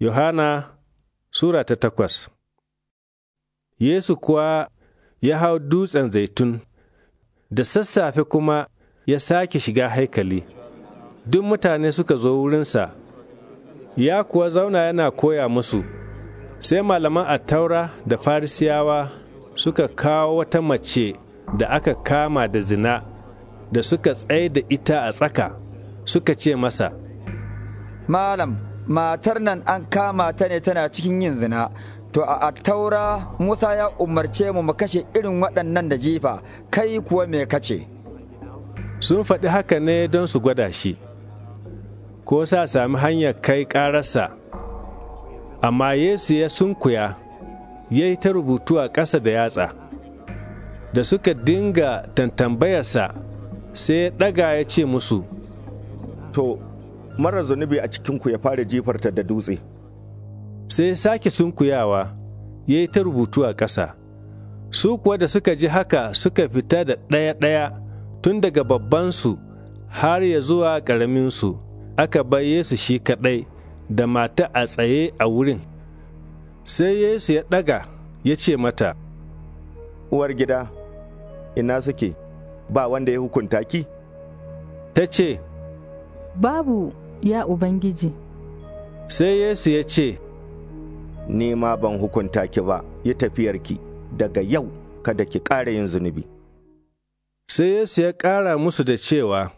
Yohana Sura ta takwas Yesu kuwa ya hau dutsen zaitun, da sassafe kuma ya sake shiga haikali, duk mutane suka zo wurinsa, ya kuwa zauna yana koya musu, sai malaman a taura da farisiyawa suka kawo wata mace da aka kama da zina, da suka tsaye da ita a tsaka, suka ce masa, Malam! matar nan an kama ta ne tana cikin yin zina to a taura musa ya umarce mu mu kashe irin waɗannan da jifa kai kuwa me kace sun faɗi haka ne don su gwada shi ko sa sami hanyar kai ƙararsa amma yesu ya sunkuya ya yi ta rubutu a ƙasa da yatsa da suka dinga tantambayarsa sai ya ɗaga ya ce musu to marar zunubi a cikinku ya fara ta da dutse. Sai ya sake sunkuyawa, ya yi ta rubutu a ƙasa. Su kuwa da suka ji haka suka fita da ɗaya-ɗaya tun daga babbansu har ya zuwa ƙaraminsu, aka bar Yesu shi kaɗai da mata a tsaye a wurin. Sai Yesu ya ɗaga ya ce mata, Uwar gida, ina suke, ba wanda ya hukunta ki? Ta ce, Babu. ya Ubangiji. Sai Yesu ya ce, Ni ma ban hukunta ki ba, yi ki, daga yau kada ki ƙara yin zunubi. Sai Yesu ya ƙara musu da cewa,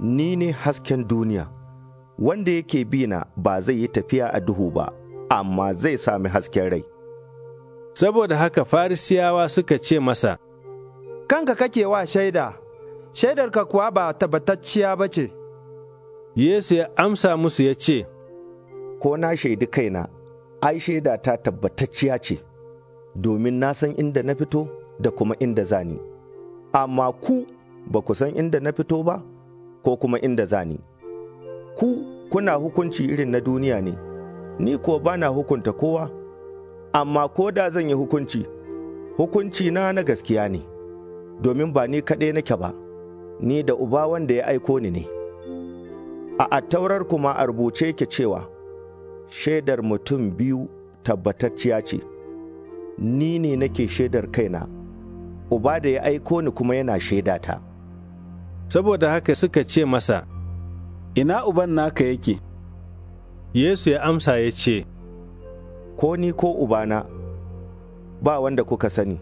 Ni ne hasken duniya, wanda yake bina ba zai yi tafiya a duhu ba, amma zai sami hasken rai. Saboda haka Farisiyawa suka ce masa, Kanka kake wa shaida, shaidarka kuwa ba tabbatacciya ba ce. Yesu ya amsa musu ya ce, Ko na shaidi kaina, ai shaida ta tabbatacciya ce, domin na san inda na fito da kuma inda zani. Amma ku ba ku san inda na fito ba, ko kuma inda zani. Ku kuna hukunci irin na duniya ne, ni ko ba na hukunta kowa, amma ko da zan yi hukunci, hukunci na na gaskiya ne, domin ba ni kaɗai nake ba, ni da uba wanda ya aiko ni ne. A attaurar kuma a rubuce ke cewa, shaidar mutum biyu tabbatacciya ce, ni ne nake shaidar kaina, uba da ya aiko ni kuma yana shaida ta. Saboda haka suka ce masa, Ina uban naka yake? Yesu ya amsa ya ce, Ko ni ko ubana, ba wanda kuka sani,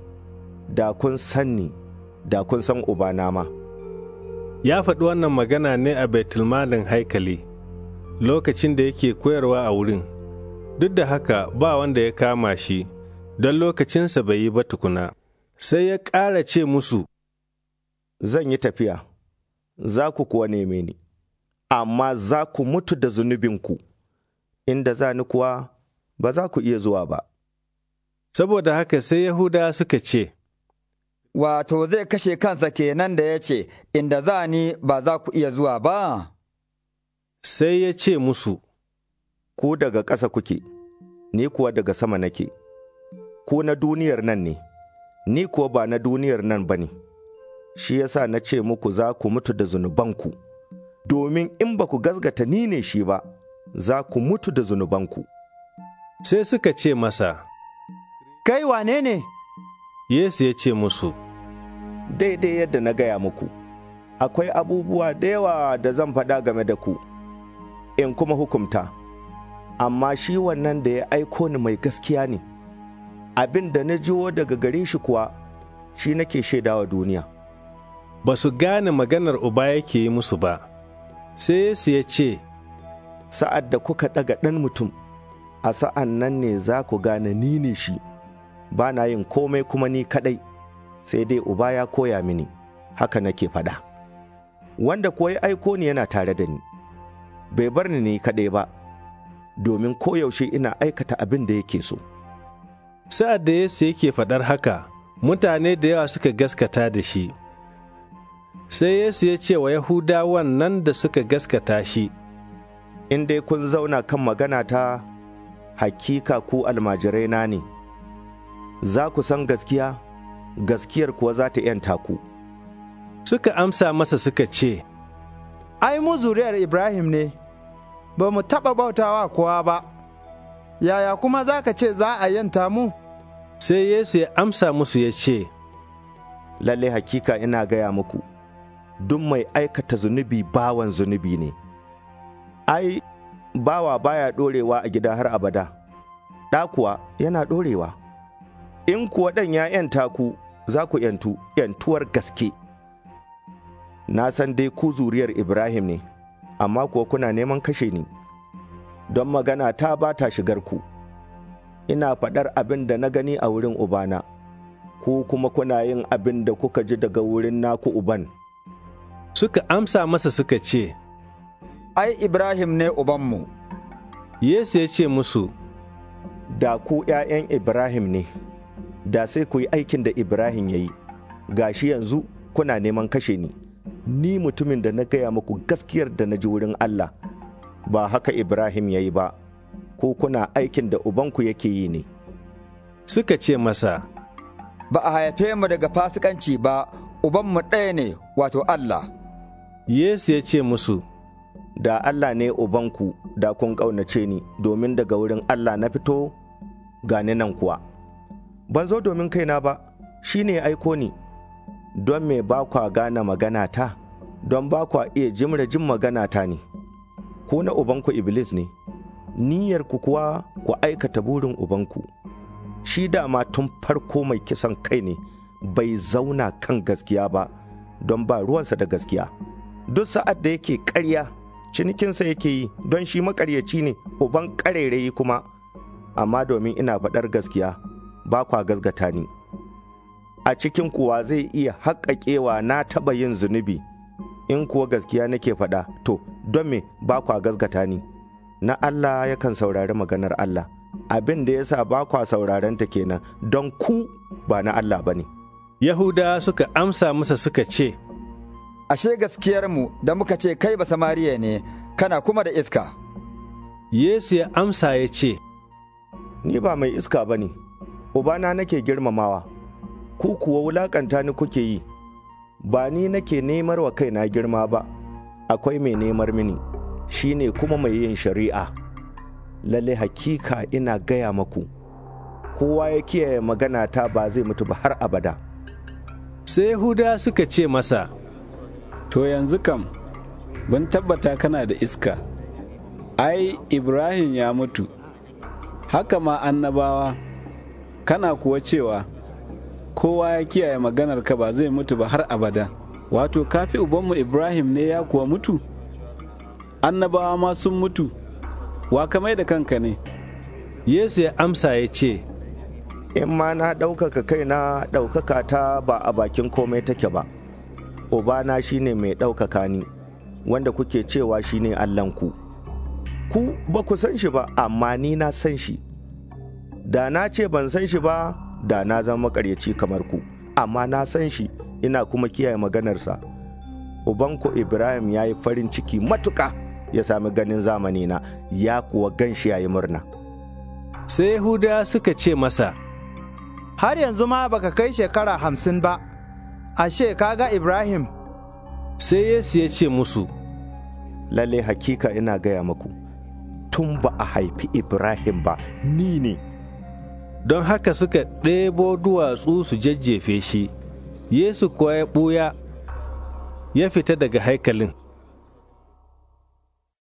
da kun sanni, da kun san ubana ma. ya faɗi wannan magana ne a baitulmalin haikali lokacin da yake koyarwa a wurin duk da haka ba wanda ya kama shi don lokacinsa bai yi ba tukuna sai ya ƙara ce musu zan yi tafiya za ku kuwa neme ni amma za ku mutu da zunubinku inda za ni kuwa ba za ku iya zuwa ba saboda haka sai yahuda suka ce wato zai kashe kansa kenan da ya ce, Inda za ni ba za ku iya zuwa ba? Sai ya ce musu, Ku daga ƙasa kuke, ni kuwa daga sama nake, ku na duniyar nan ne, ni kuwa ba na duniyar nan ba ne, shi yasa na ce muku za ku mutu da zunubanku, domin in ba ku gazgata ni ne shi ba, za ku mutu da zunubanku. Sai suka ce masa, Kai wane ne? Yesu ya ce musu, daidai yadda na gaya muku, akwai abubuwa da yawa da zan faɗa game da ku, in kuma hukumta, amma shi wannan da ya aiko ni mai gaskiya ne, abin da na jiwo daga gare shi kuwa shi nake shaidawa duniya. Ba su gane maganar uba yake yi musu ba, sai Yesu ya ce, Sa'ad da kuka ɗaga ɗan mutum, a sa'an nan ne za ku gane ni ne shi, ba na yin komai kuma ni kaɗai. sai dai uba ya koya mini, haka nake faɗa. Wanda kuwa ya aiko ni yana tare da ni, bai bar ni ni kaɗai ba, domin koyaushe ina aikata abin da yake so. Sa'ad da Yesu yake faɗar haka, mutane da yawa suka gaskata da shi. Sai Yesu ya ce wa Yahudawan nan da suka gaskata shi, In dai kun zauna kan magana ta hakika ku almajirai na ne, za ku san gaskiya? gaskiyar kuwa za ta ‘yanta ku. Suka amsa masa suka ce, Ai, mu zuriyar Ibrahim ne, ba mu taɓa bautawa kowa ba, yaya kuma za ka ce za a ‘yanta mu? Sai Yesu ya amsa musu ya ce, Lalle hakika ina gaya muku, duk mai aikata zunubi bawan zunubi ne. Ai, bawa baya ɗorewa a gida har abada, ɗa yana ɗorewa. in kuwa ɗan ya ‘yanta ku, za ku ‘yantu, ‘yantuwar gaske. Na san dai ku zuriyar Ibrahim ne, amma kuwa kuna neman kashe ni, don magana ta ba ta shigar ku. Ina faɗar abin da na gani a wurin Ubana, ku kuma kuna yin abin da kuka ji daga wurin naku Uban. Suka amsa masa suka ce, Ai, Ibrahim ne Ubanmu. Yesu ya ce musu, Da ku ’ya'yan Ibrahim ne. da sai ku yi aikin da Ibrahim ya yi, gashi yanzu kuna neman kashe ni, ni mutumin da na gaya muku gaskiyar da na ji wurin Allah, ba haka Ibrahim ya yi ba, ko kuna aikin da ubanku yake yi ne. Suka ce masa, Ba a haife mu daga fasikanci ba, ubanmu ɗaya ne, wato Allah. Yesu ya ce musu, Da Allah ne ubanku da kun ƙaunace ni, domin daga wurin Allah na fito, gane nan kuwa. ban zo domin kaina ba shi ne aiko ni don me ba kwa gane magana ta don ba kwa iya jimra jin magana ta ne ko na ubanku iblis ne ku kuwa ku aikata burin ubanku shi dama tun farko mai kisan kai ne bai zauna kan gaskiya ba don ba ruwansa da gaskiya duk sa'ad da yake karya cinikinsa yake yi don shi makaryaci ne uban ƙarairayi kuma amma domin ina faɗar gaskiya ba kwa gazgata ni a cikin kuwa zai iya haƙaƙewa na taɓa yin zunubi in kuwa gaskiya nake faɗa to don me ba kwa gazgata ni na Allah yakan saurari maganar Allah abin da yasa ba kwa sauraren ta kenan don ku ba na Allah ba ne Yahuda suka amsa masa suka ce ashe gaskiyarmu da muka ce kai ba samariya ne kana kuma da iska yesu ya amsa ya ce ni ba mai iska ba ne Ubana nake girmamawa, ku kuwa wulaƙanta ni kuke yi, ba ni nake nemar wa kaina girma ba, akwai mai nemar mini, shi ne kuma mai yin shari'a. Lalle hakika ina gaya maku, kowa ya kiyaye magana ta ba zai mutu ba har abada. Sai Huda suka ce masa, To yanzu kam, ban tabbata kana da iska, ai, Ibrahim ya mutu, haka ma annabawa. kana kuwa cewa kowa ya kiyaye maganar ka ba zai mutu ba har abada wato kafi ubanmu ibrahim ne ya kuwa mutu annabawa ma sun mutu wa kamai da kanka ne yesu ya amsa ya ce in ma na ɗaukaka kai na ɗaukaka ta ba a bakin komai take ba ubana ne mai ɗaukaka ni wanda kuke cewa shi ne allahnku ku ba ku san shi ba amma ni na san shi da na ce ban san shi ba da na zama makaryaci kamar ku amma na san shi ina kuma kiyaye maganarsa ubanku ibrahim ya yi farin ciki matuka ya sami ganin zamani na ya kuwa gan shi ya yi murna sai yahuda suka ce masa har yanzu ma baka kai shekara hamsin ba ashe ga ibrahim sai yesu ya ce musu lalle hakika ina gaya maku tun ba a haifi ibrahim ba ni ne don haka suka ɗebo duwatsu su jajjefe shi, Yesu kuwa ya ɓuya ya fita daga haikalin.